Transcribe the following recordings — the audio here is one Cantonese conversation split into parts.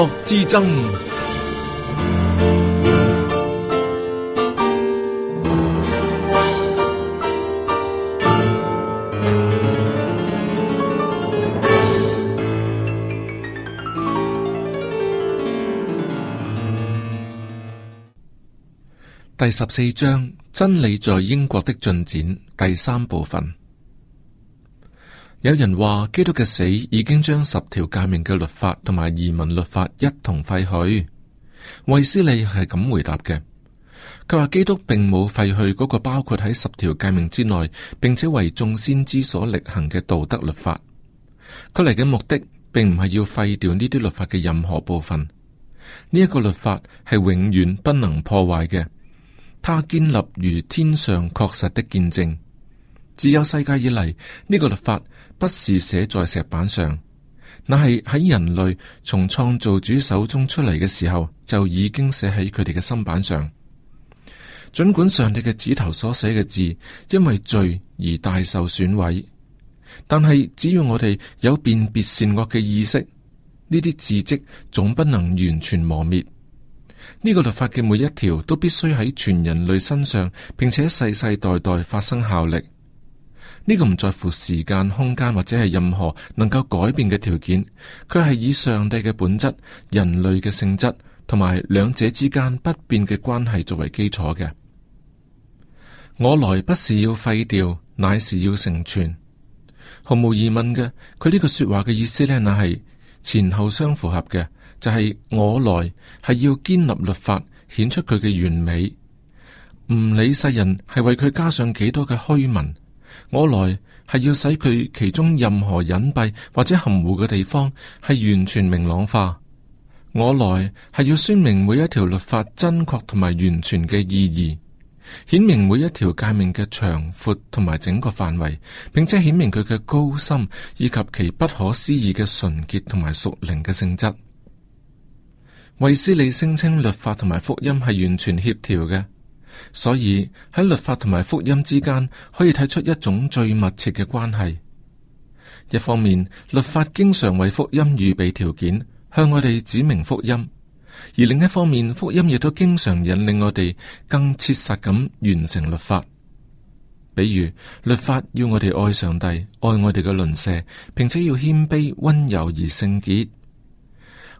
國之爭。第十四章：真理在英國的進展，第三部分。有人話基督嘅死已經將十條誡命嘅律法同埋移民律法一同廢去。衛斯理係咁回答嘅。佢話基督並冇廢去嗰個包括喺十條誡命之內，並且為眾先知所力行嘅道德律法。佢嚟嘅目的並唔係要廢掉呢啲律法嘅任何部分。呢、這、一個律法係永遠不能破壞嘅。他建立如天上確實的見證。自有世界以嚟呢、這個律法，不是寫在石板上，那係喺人類從創造主手中出嚟嘅時候就已經寫喺佢哋嘅心板上。盡管上帝嘅指頭所寫嘅字因為罪而大受損毀，但係只要我哋有辨別善惡嘅意識，呢啲字跡總不能完全磨滅。呢個律法嘅每一條都必須喺全人類身上，並且世世代代發生效力。呢個唔在乎時間、空間或者係任何能夠改變嘅條件，佢係以上帝嘅本質、人類嘅性質同埋兩者之間不變嘅關係作為基礎嘅。我來不是要廢掉，乃是要成全。毫無疑問嘅，佢呢個說話嘅意思呢，乃係前後相符合嘅，就係、是、我來係要堅立律法，顯出佢嘅完美，唔理世人係為佢加上幾多嘅虛文。我來係要使佢其中任何隱蔽或者含糊嘅地方係完全明朗化。我來係要說明每一條律法真確同埋完全嘅意義，顯明每一條誡命嘅長闊同埋整個範圍，並且顯明佢嘅高深以及其不可思議嘅純潔同埋屬靈嘅性質。衛斯理聲稱律法同埋福音係完全協調嘅。所以喺律法同埋福音之間，可以睇出一種最密切嘅關係。一方面，律法經常為福音預備條件，向我哋指明福音；而另一方面，福音亦都經常引領我哋更切實咁完成律法。比如，律法要我哋愛上帝、愛我哋嘅鄰舍，並且要謙卑、溫柔而聖潔。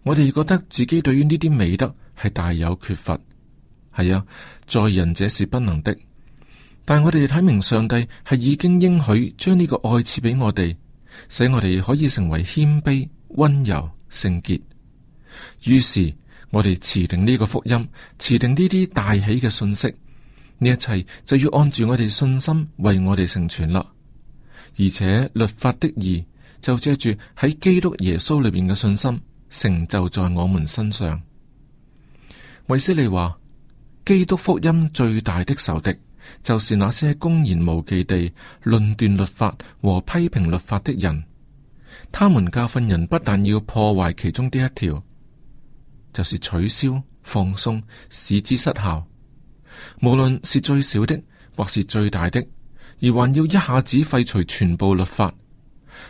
我哋覺得自己對於呢啲美德係大有缺乏。係啊，在人者是不能的，但我哋睇明上帝係已經應許將呢個愛賜俾我哋，使我哋可以成為謙卑、温柔、聖潔。於是我哋持定呢個福音，持定呢啲大喜嘅信息，呢一切就要按住我哋信心為我哋成全啦。而且律法的義就借住喺基督耶穌裏邊嘅信心成就在我們身上。韋斯利話。基督福音最大的仇敵，就是那些公然無忌地論斷律法和批評律法的人。他們教訓人，不但要破壞其中的一條，就是取消、放鬆，使之失效，無論是最小的或是最大的，而還要一下子廢除全部律法。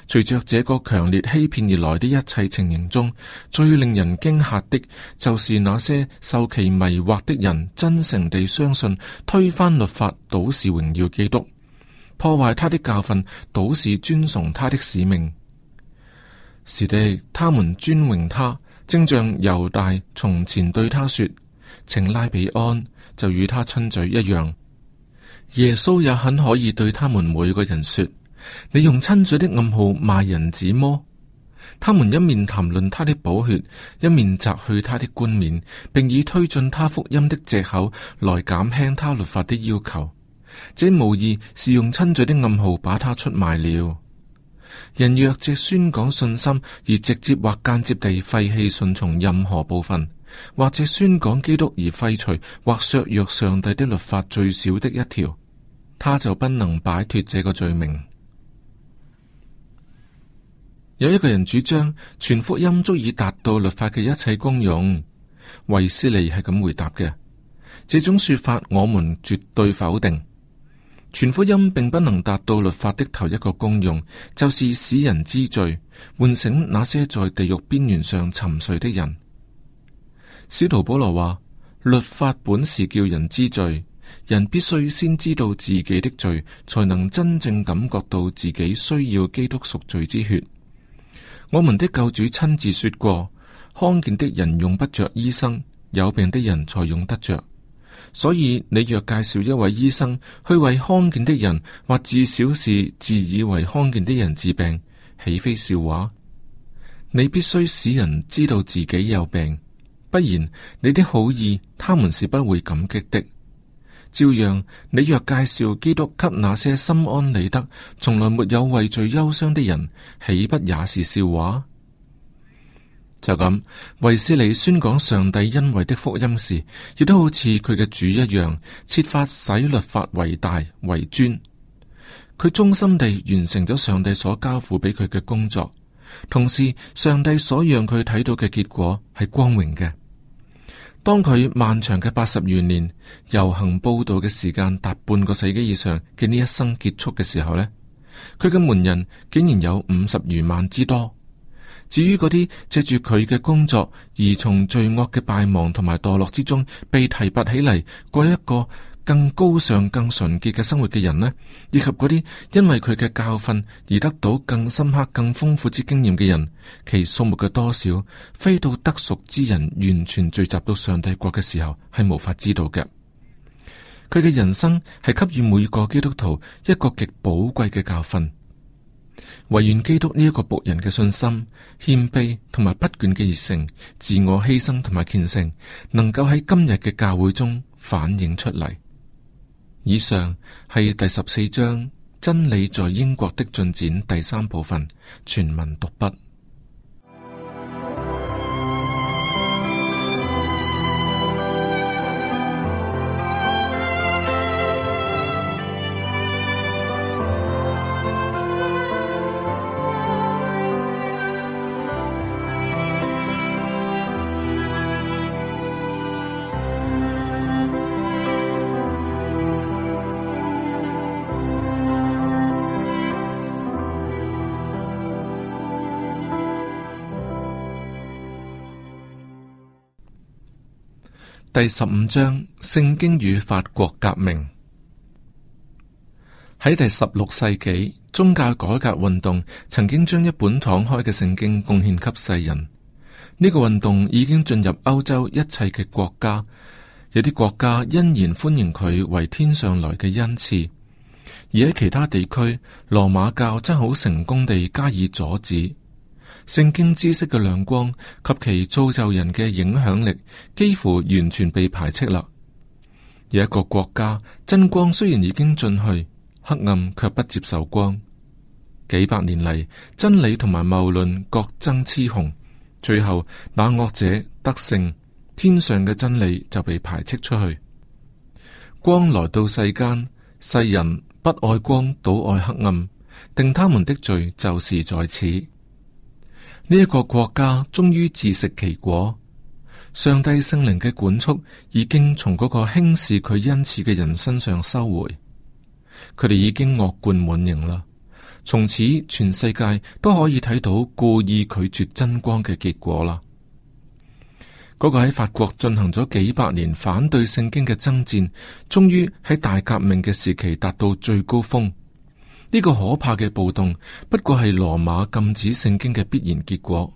隨着這個強烈欺騙而來的一切情形中，最令人驚嚇的，就是那些受其迷惑的人，真誠地相信推翻律法，倒是榮耀基督；破壞他的教訓，倒是尊崇他的使命。是的，他們尊榮他，正像猶大從前對他說：請拉比安，就與他親嘴一樣。耶穌也很可以對他們每個人說。你用親嘴的暗號賣人子麼？他們一面談論他的補血，一面摘去他的冠冕，并以推進他福音的借口來減輕他律法的要求。這無疑是用親嘴的暗號把他出賣了。人若借宣講信心而直接或間接地廢棄順從任何部分，或者宣講基督而廢除或削弱上帝的律法最少的一條，他就不能擺脱這個罪名。有一個人主張全福音足以達到律法嘅一切功用，衛斯理係咁回答嘅。這種說法，我們絕對否定。全福音並不能達到律法的頭一個功用，就是使人知罪，喚醒那些在地獄邊緣上沉睡的人。使徒保羅話：律法本是叫人知罪，人必須先知道自己的罪，才能真正感覺到自己需要基督贖罪之血。我們的救主親自說過：康健的人用不着醫生，有病的人才用得着。所以你若介紹一位醫生去為康健的人，或至少是自以為康健的人治病，豈非笑話？你必須使人知道自己有病，不然你的好意，他們是不會感激的。照樣，你若介紹基督給那些心安理得、從來沒有畏罪憂傷的人，豈不也是笑話？就咁，衛斯理宣講上帝恩惠的福音時，亦都好似佢嘅主一樣，設法使律法為大為尊。佢忠心地完成咗上帝所交付俾佢嘅工作，同時上帝所讓佢睇到嘅結果係光榮嘅。當佢漫長嘅八十餘年遊行報道嘅時間達半個世紀以上嘅呢一生結束嘅時候呢，佢嘅門人竟然有五十餘萬之多。至於嗰啲借住佢嘅工作而從罪惡嘅敗亡同埋墮落之中被提拔起嚟，過一個。更高尚、更純潔嘅生活嘅人呢，以及嗰啲因為佢嘅教訓而得到更深刻、更豐富之經驗嘅人，其數目嘅多少，非到得贖之人完全聚集到上帝國嘅時候，係無法知道嘅。佢嘅人生係給予每個基督徒一個極寶貴嘅教訓，唯願基督呢一個僕人嘅信心、謙卑同埋不倦嘅熱誠、自我犧牲同埋虔誠，能夠喺今日嘅教會中反映出嚟。以上係第十四章真理在英國的進展，第三部分全文讀畢。第十五章《聖經與法國革命》，喺第十六世紀，宗教改革運動曾經將一本敞開嘅聖經貢獻給世人。呢個運動已經進入歐洲一切嘅國家，有啲國家欣然歡迎佢為天上來嘅恩賜，而喺其他地區，羅馬教則好成功地加以阻止。聖經知識嘅亮光及其造就人嘅影響力，幾乎完全被排斥啦。有一個國家，真光雖然已經進去，黑暗卻不接受光。幾百年嚟，真理同埋謬論各爭雌雄，最後那惡者得勝，天上嘅真理就被排斥出去。光來到世間，世人不愛光，倒愛黑暗，定他們的罪就是在此。呢一個國家終於自食其果，上帝聖靈嘅管束已經從嗰個輕視佢恩賜嘅人身上收回，佢哋已經惡貫滿盈啦。從此全世界都可以睇到故意拒絕真光嘅結果啦。嗰個喺法國進行咗幾百年反對聖經嘅爭戰，終於喺大革命嘅時期達到最高峰。呢個可怕嘅暴動，不過係羅馬禁止聖經嘅必然結果。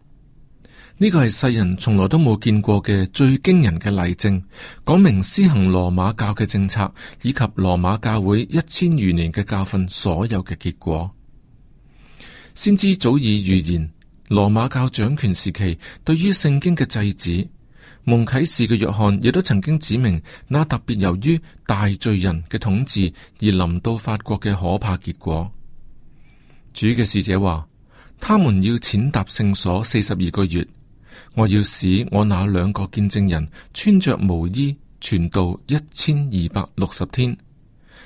呢個係世人從來都冇見過嘅最驚人嘅例證，講明施行羅馬教嘅政策，以及羅馬教會一千餘年嘅教訓所有嘅結果。先知早已預言，羅馬教掌權時期對於聖經嘅制止。蒙啟示嘅約翰亦都曾經指明那特別由於大罪人嘅統治而臨到法國嘅可怕結果。主嘅使者話：他們要踐踏聖所四十二個月，我要使我那兩個見證人穿着毛衣，傳道一千二百六十天。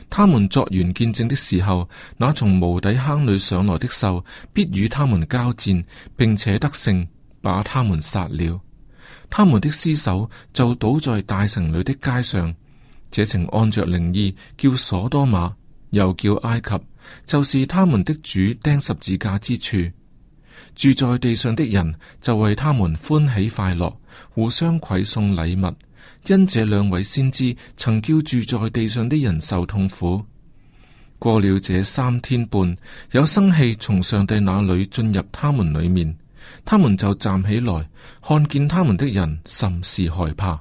他們作完見證的時候，那從無底坑裏上來的獸必與他們交戰，並且得勝，把他們殺了。他們的屍首就倒在大城裏的街上，這城按着靈意叫索多瑪，又叫埃及，就是他們的主釘十字架之處。住在地上的人就為他們歡喜快樂，互相饋送禮物，因這兩位先知曾叫住在地上的人受痛苦。過了這三天半，有生氣從上帝那裏進入他們裏面。他們就站起來，看見他們的人甚是害怕。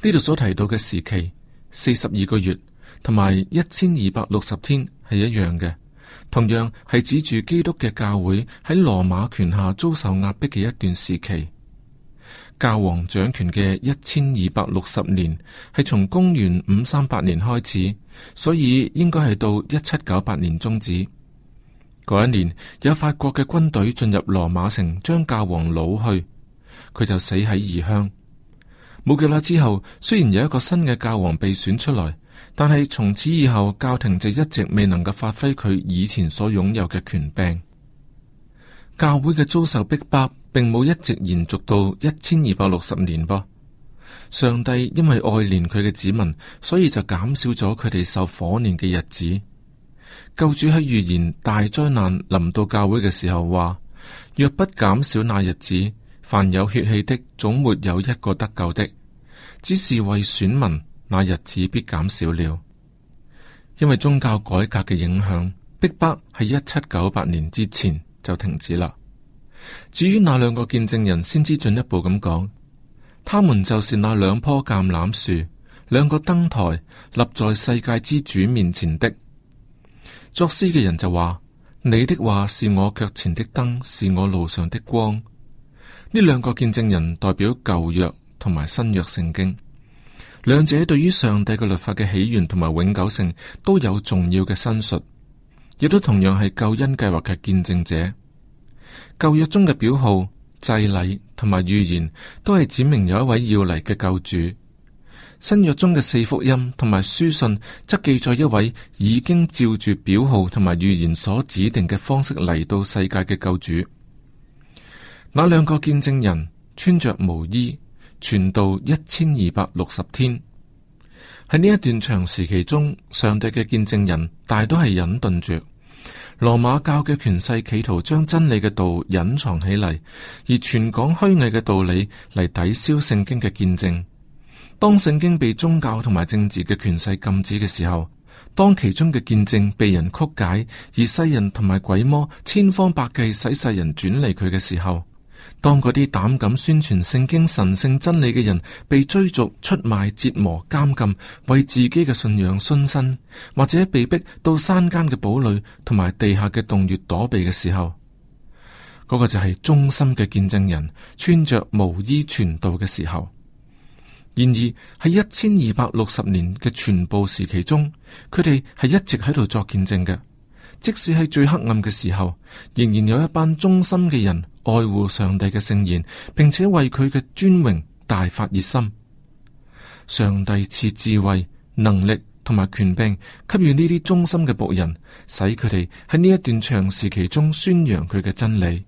呢度所提到嘅時期，四十二個月同埋一千二百六十天係一樣嘅，同樣係指住基督嘅教會喺羅馬權下遭受壓迫嘅一段時期。教皇掌權嘅一千二百六十年係從公元五三八年開始，所以應該係到一七九八年終止。嗰一年有法國嘅軍隊進入羅馬城，將教皇擄去，佢就死喺異鄉。冇幾耐之後，雖然有一個新嘅教皇被選出來，但係從此以後教廷就一直未能夠發揮佢以前所擁有嘅權柄。教會嘅遭受逼迫，並冇一直延續到一千二百六十年噃。上帝因為愛憐佢嘅子民，所以就減少咗佢哋受火煉嘅日子。教主喺預言大災難臨到教會嘅時候話：若不減少那日子，凡有血氣的總沒有一個得救的。只是為選民，那日子必減少了。因為宗教改革嘅影響，逼迫喺一七九八年之前就停止啦。至於那兩個見證人，先知進一步咁講：他們就是那兩棵橄欖樹，兩個燈台立在世界之主面前的。作詩嘅人就話：你的話是我腳前的燈，是我路上的光。呢兩個見證人代表舊約同埋新約聖經，兩者對於上帝嘅律法嘅起源同埋永久性都有重要嘅申述，亦都同樣係救恩計劃嘅見證者。舊約中嘅表號、祭禮同埋預言，都係指明有一位要嚟嘅救主。新約中嘅四福音同埋書信，則記載一位已經照住表號同埋預言所指定嘅方式嚟到世界嘅救主。那兩個見證人穿着毛衣，傳道一千二百六十天。喺呢一段長時期中，上帝嘅見證人大都係隱遁住。羅馬教嘅權勢企圖將真理嘅道隱藏起嚟，而傳講虛偽嘅道理嚟抵消聖經嘅見證。當聖經被宗教同埋政治嘅權勢禁止嘅時候，當其中嘅見證被人曲解，而世人同埋鬼魔千方百計使世人轉離佢嘅時候，當嗰啲膽敢宣傳聖經神聖真理嘅人被追逐、出賣、折磨、監禁，為自己嘅信仰殉身，或者被逼到山間嘅堡壘同埋地下嘅洞穴躲避嘅時候，嗰、嗰個就係忠心嘅見證人穿着毛衣傳道嘅時候。然而喺一千二百六十年嘅全部時期中，佢哋係一直喺度作見證嘅，即使喺最黑暗嘅時候，仍然有一班忠心嘅人愛護上帝嘅聖言，並且為佢嘅尊榮大發熱心。上帝賜智，智慧、能力同埋權柄，給予呢啲忠心嘅僕人，使佢哋喺呢一段長時期中宣揚佢嘅真理。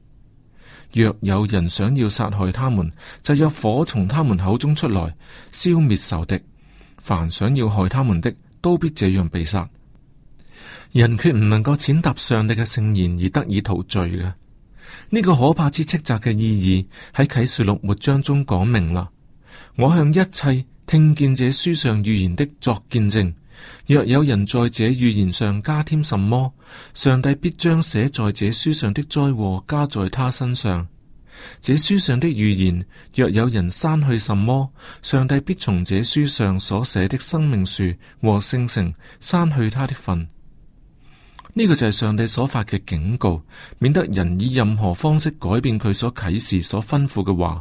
若有人想要殺害他們，就有火從他們口中出來，消滅仇敵。凡想要害他們的，都必這樣被殺。人決唔能夠踐踏上帝嘅聖言而得以逃罪嘅。呢個可怕之斥責嘅意義喺啟示錄末章中講明啦。我向一切聽見這書上預言的作見證。若有人在這預言上加添什麼，上帝必將寫在這書上的災禍加在他身上。這書上的預言若有人刪去什麼，上帝必從這書上所寫的生命樹和聖城刪去他的份。呢個就係上帝所發嘅警告，免得人以任何方式改變佢所啟示、所吩咐嘅話。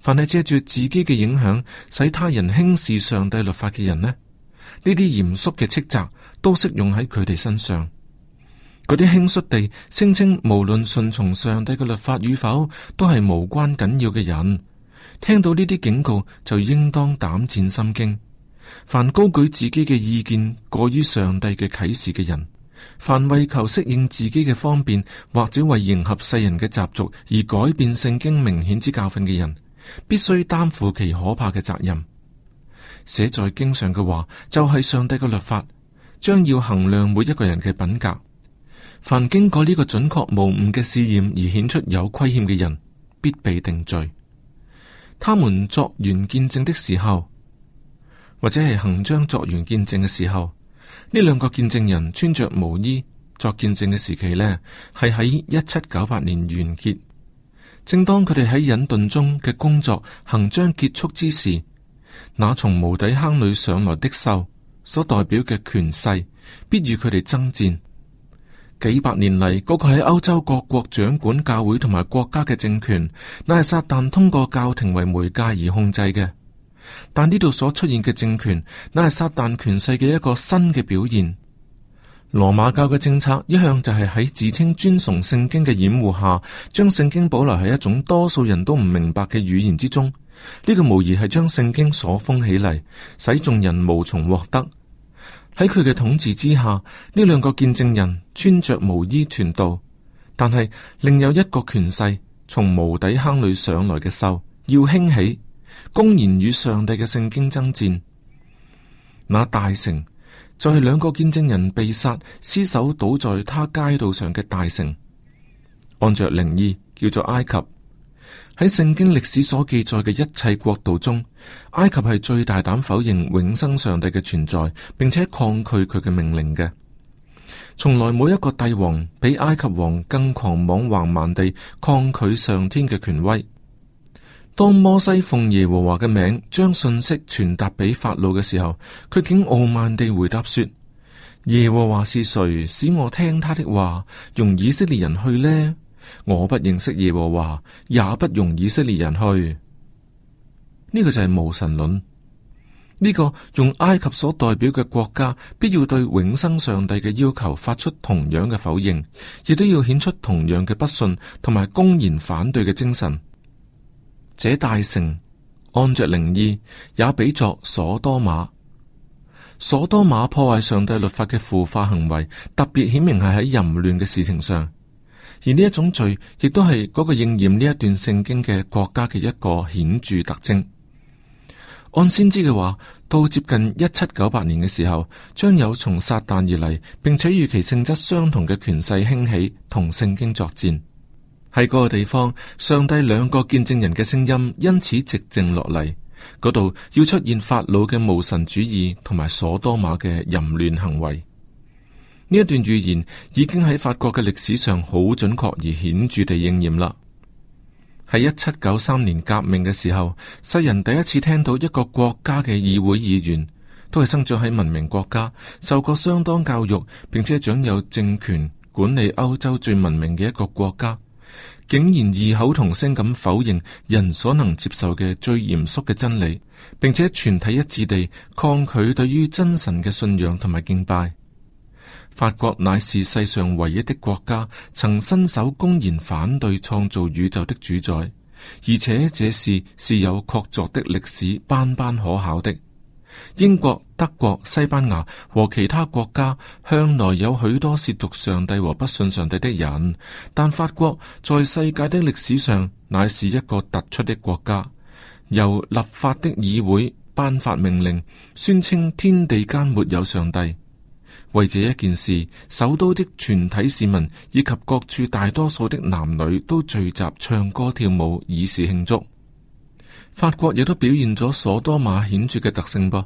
凡係借住自己嘅影響，使他人輕視上帝律法嘅人呢？呢啲嚴肅嘅斥責都適用喺佢哋身上。嗰啲輕率地聲稱無論順從上帝嘅律法與否都係無關緊要嘅人，聽到呢啲警告就應當膽戰心驚。凡高舉自己嘅意見過於上帝嘅啟示嘅人，凡為求適應自己嘅方便或者為迎合世人嘅習俗而改變聖經明顯之教訓嘅人，必須擔負其可怕嘅責任。寫在經上嘅話就係、是、上帝嘅律法，將要衡量每一個人嘅品格。凡經過呢個準確無誤嘅試驗而顯出有虧欠嘅人，必被定罪。他們作完見證的時候，或者係行將作完見證嘅時候，呢兩個見證人穿着毛衣作見證嘅時期呢，係喺一七九八年完結，正當佢哋喺隱遁中嘅工作行將結束之時。那從無底坑裏上來的獸，所代表嘅權勢，必與佢哋爭戰。幾百年嚟，嗰、那個喺歐洲各國掌管教會同埋國家嘅政權，乃係撒旦通過教廷為媒介而控制嘅。但呢度所出現嘅政權，乃係撒旦權勢嘅一個新嘅表現。羅馬教嘅政策一向就係喺自稱尊崇聖經嘅掩護下，將聖經保留喺一種多數人都唔明白嘅語言之中。呢個無疑係將聖經鎖封起嚟，使眾人無從獲得。喺佢嘅統治之下，呢兩個見證人穿着毛衣傳道，但係另有一個權勢從無底坑裏上來嘅獸要興起，公然與上帝嘅聖經爭戰。那大城就係兩個見證人被殺、屍首倒在他街道上嘅大城，按着靈意叫做埃及。喺聖經歷史所記載嘅一切國度中，埃及係最大膽否認永生上帝嘅存在，並且抗拒佢嘅命令嘅。從來冇一個帝王比埃及王更狂妄橫蠻地抗拒上天嘅權威。當摩西奉耶和華嘅名將信息傳達俾法老嘅時候，佢竟傲慢地回答說：耶和華是誰，使我聽他的話，容以色列人去呢？我不認識耶和華，也不容以色列人去。呢、這個就係無神論。呢、這個用埃及所代表嘅國家，必要對永生上帝嘅要求發出同樣嘅否認，亦都要顯出同樣嘅不信同埋公然反對嘅精神。這大城按着靈意也比作所多瑪。所多瑪破壞上帝律法嘅腐化行為，特別顯明係喺淫亂嘅事情上。而呢一種罪，亦都係嗰個應驗呢一段聖經嘅國家嘅一個顯著特徵。按先知嘅話，到接近一七九八年嘅時候，將有從撒旦而嚟並且與其性質相同嘅權勢興起，同聖經作戰。喺嗰個地方，上帝兩個見證人嘅聲音因此寂靜落嚟。嗰度要出現法老嘅無神主義同埋所多瑪嘅淫亂行為。呢一段預言已經喺法國嘅歷史上好準確而顯著地應驗啦。喺一七九三年革命嘅時候，世人第一次聽到一個國家嘅議會議員，都係生長喺文明國家、受過相當教育，並且掌有政權、管理歐洲最文明嘅一個國家，竟然異口同聲咁否認人所能接受嘅最嚴肅嘅真理，並且全體一致地抗拒對於真神嘅信仰同埋敬拜。法國乃是世上唯一的國家，曾伸手公然反對創造宇宙的主宰，而且這事是，是有確鑿的歷史斑斑可考的。英國、德國、西班牙和其他國家向來有許多褻瀆上帝和不信上帝的人，但法國在世界的歷史上乃是一個突出的國家，由立法的議會頒發命令，宣稱天地間沒有上帝。為這一件事，首都的全體市民以及各處大多數的男女都聚集唱歌跳舞，以示慶祝。法國亦都表現咗所多瑪顯著嘅特性噃。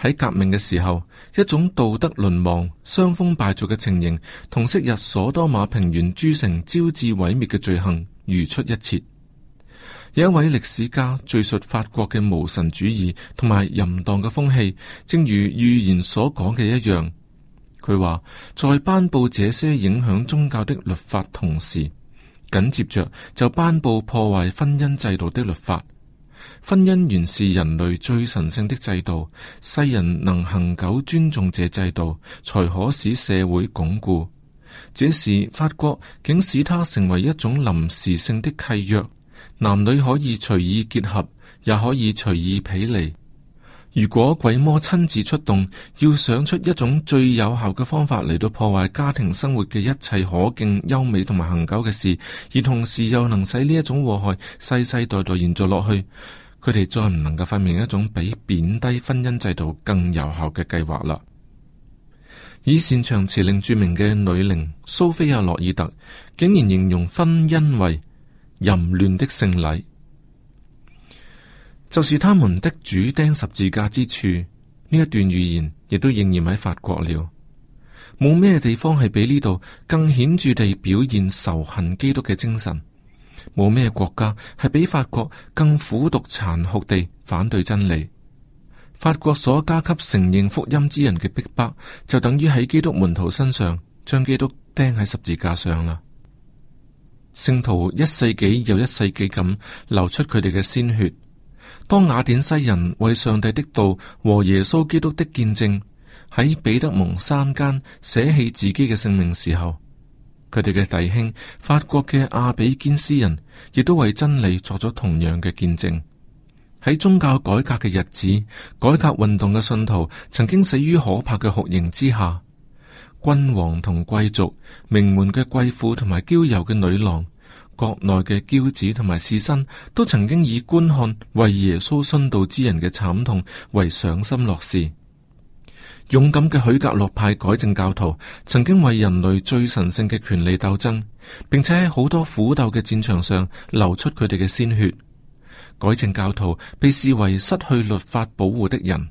喺革命嘅時候，一種道德淪亡、傷風敗俗嘅情形，同昔日所多瑪平原諸城招致毀滅嘅罪行如出一轍。有一位歷史家敘述法國嘅無神主義同埋淫蕩嘅風氣，正如預言所講嘅一樣。佢話：在頒布這些影響宗教的律法同時，緊接著就頒布破壞婚姻制度的律法。婚姻原是人類最神聖的制度，世人能恒久尊重這制度，才可使社會鞏固。這時，法國竟使它成為一種臨時性的契約，男女可以隨意結合，也可以隨意仳離。如果鬼魔親自出動，要想出一種最有效嘅方法嚟到破壞家庭生活嘅一切可敬、優美同埋恒久嘅事，而同時又能使呢一種禍害世世代代代延續落去，佢哋再唔能夠發明一種比貶低婚姻制度更有效嘅計劃啦。以擅長辭令著名嘅女伶蘇菲亞·洛爾特，竟然形容婚姻為淫亂的聖禮。就是他們的主釘十字架之處，呢一段預言亦都仍然喺法國了。冇咩地方係比呢度更顯著地表現仇恨基督嘅精神，冇咩國家係比法國更苦毒殘酷地反對真理。法國所加給承認福音之人嘅逼迫，就等於喺基督門徒身上將基督釘喺十字架上啦。聖徒一世紀又一世紀咁流出佢哋嘅鮮血。當雅典西人為上帝的道和耶穌基督的見證喺彼得蒙山間捨棄自己嘅性命時候，佢哋嘅弟兄法國嘅阿比堅斯人亦都為真理作咗同樣嘅見證。喺宗教改革嘅日子，改革運動嘅信徒曾經死於可怕嘅酷刑之下，君王同貴族、名門嘅貴婦同埋嬌柔嘅女郎。國內嘅驕子同埋士紳都曾經以觀看為耶穌殉道之人嘅慘痛為賞心樂事。勇敢嘅許格諾派改正教徒曾經為人類最神聖嘅權利鬥爭，並且喺好多苦鬥嘅戰場上流出佢哋嘅鮮血。改正教徒被視為失去律法保護的人，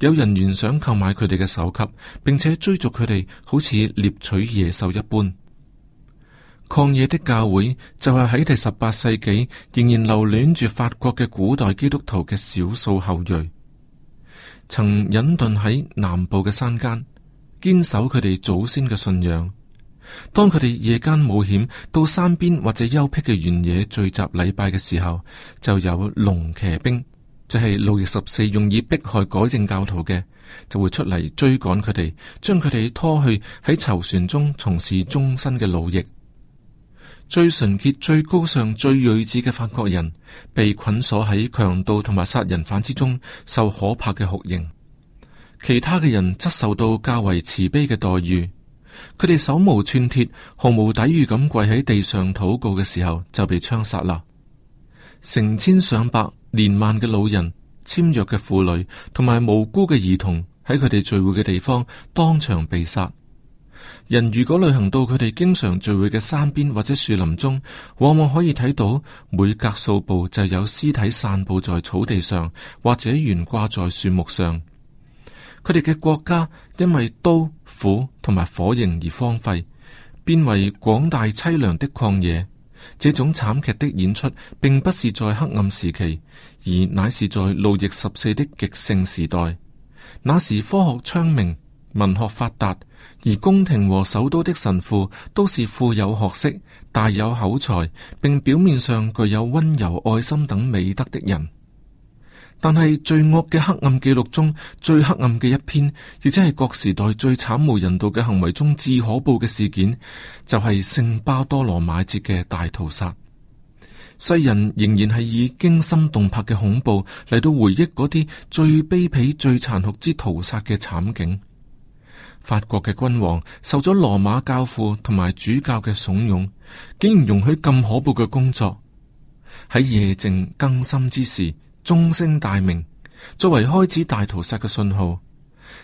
有人原想購買佢哋嘅首級，並且追逐佢哋，好似獵取野獸一般。曠野的教會就係、是、喺第十八世紀仍然留戀住法國嘅古代基督徒嘅少數後裔，曾隱遁喺南部嘅山間，堅守佢哋祖先嘅信仰。當佢哋夜間冒險到山邊或者幽僻嘅原野聚集禮拜嘅時候，就有龍騎兵就係、是、路易十四用以迫害改正教徒嘅，就會出嚟追趕佢哋，將佢哋拖去喺囚船中從事終身嘅奴役。最純潔、最高尚、最睿智嘅法國人，被捆鎖喺強盜同埋殺人犯之中，受可怕嘅酷刑；其他嘅人則受到較為慈悲嘅待遇。佢哋手無寸鐵、毫無抵禦咁跪喺地上禱告嘅時候，就被槍殺啦。成千上百年邁嘅老人、簽約嘅婦女同埋無辜嘅兒童，喺佢哋聚會嘅地方當場被殺。人如果旅行到佢哋經常聚會嘅山邊或者樹林中，往往可以睇到每隔數步就有屍體散佈在草地上或者懸掛在樹木上。佢哋嘅國家因為刀斧同埋火刑而荒廢，變為廣大淒涼的曠野。這種慘劇的演出，並不是在黑暗時期，而乃是在路易十四的極盛時代。那時科學昌明。文學發達，而宮廷和首都的神父都是富有學識、大有口才，並表面上具有温柔愛心等美德的人。但係最惡嘅黑暗記錄中最黑暗嘅一篇，亦即係各時代最慘無人道嘅行為中至可怖嘅事件，就係、是、聖巴多羅買節嘅大屠殺。世人仍然係以驚心動魄嘅恐怖嚟到回憶嗰啲最卑鄙、最殘酷之屠殺嘅慘景。法國嘅君王受咗羅馬教父同埋主教嘅慫恿，竟然容許咁可怖嘅工作。喺夜靜更深之時鐘聲大鳴，作為開始大屠殺嘅信號。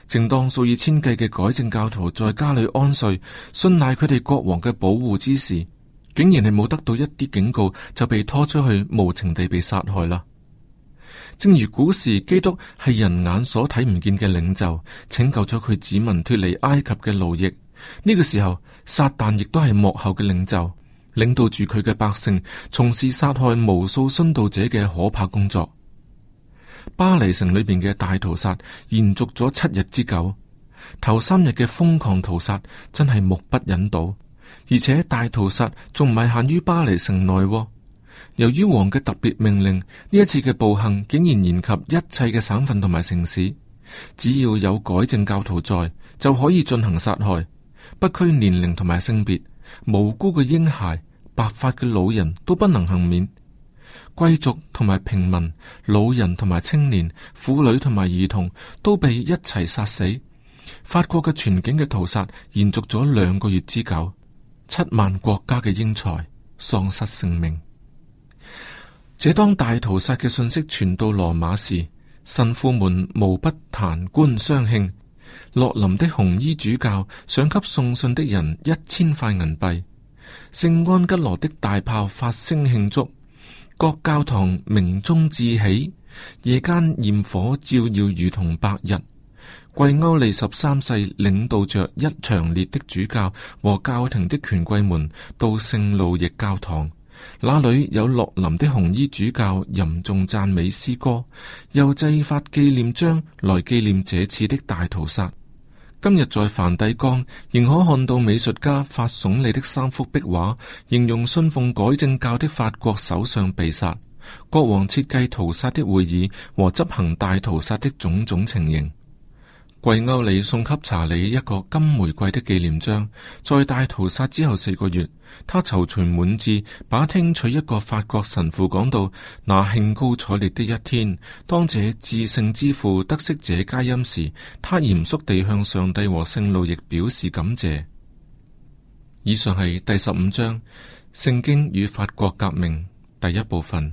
正當數以千計嘅改正教徒在家裏安睡，信賴佢哋國王嘅保護之時，竟然係冇得到一啲警告，就被拖出去無情地被殺害啦。正如古時基督係人眼所睇唔見嘅領袖，拯救咗佢子民脱離埃及嘅奴役。呢個時候，撒旦亦都係幕後嘅領袖，領導住佢嘅百姓從事殺害無數殉道者嘅可怕工作。巴黎城裏邊嘅大屠殺延續咗七日之久，頭三日嘅瘋狂屠殺真係目不忍睹，而且大屠殺仲唔係限於巴黎城內，哦。由於王嘅特別命令，呢一次嘅暴行竟然延及一切嘅省份同埋城市，只要有改正教徒在，就可以進行殺害，不拘年齡同埋性別，無辜嘅嬰孩、白髮嘅老人都不能幸免。貴族同埋平民、老人同埋青年、婦女同埋兒童都被一齊殺死。法國嘅全境嘅屠殺延續咗兩個月之久，七萬國家嘅英才喪失性命。這當大屠殺嘅信息傳到羅馬時，神父們無不彈冠相慶。洛林的紅衣主教想給送信的人一千塊銀幣。聖安吉羅的大炮發聲慶祝，各教堂鳴鐘致喜，夜間焰火照耀如同白日。桂歐利十三世領導着一長列的主教和教廷的權貴們到聖路易教堂。那裏有洛林的紅衣主教吟誦讚美詩歌，又製發紀念章來紀念這次的大屠殺。今日在梵蒂岡仍可看到美術家發聳立的三幅壁畫，形容信奉改正教的法國首相被殺、國王設計屠殺的會議和執行大屠殺的種種情形。貴歐里送給查理一個金玫瑰的紀念章，在大屠殺之後四個月，他躊躇滿志，把聽取一個法國神父講到那興高采烈的一天，當這至聖之父得悉這佳音時，他嚴肅地向上帝和聖路易表示感謝。以上係第十五章《聖經與法國革命》第一部分。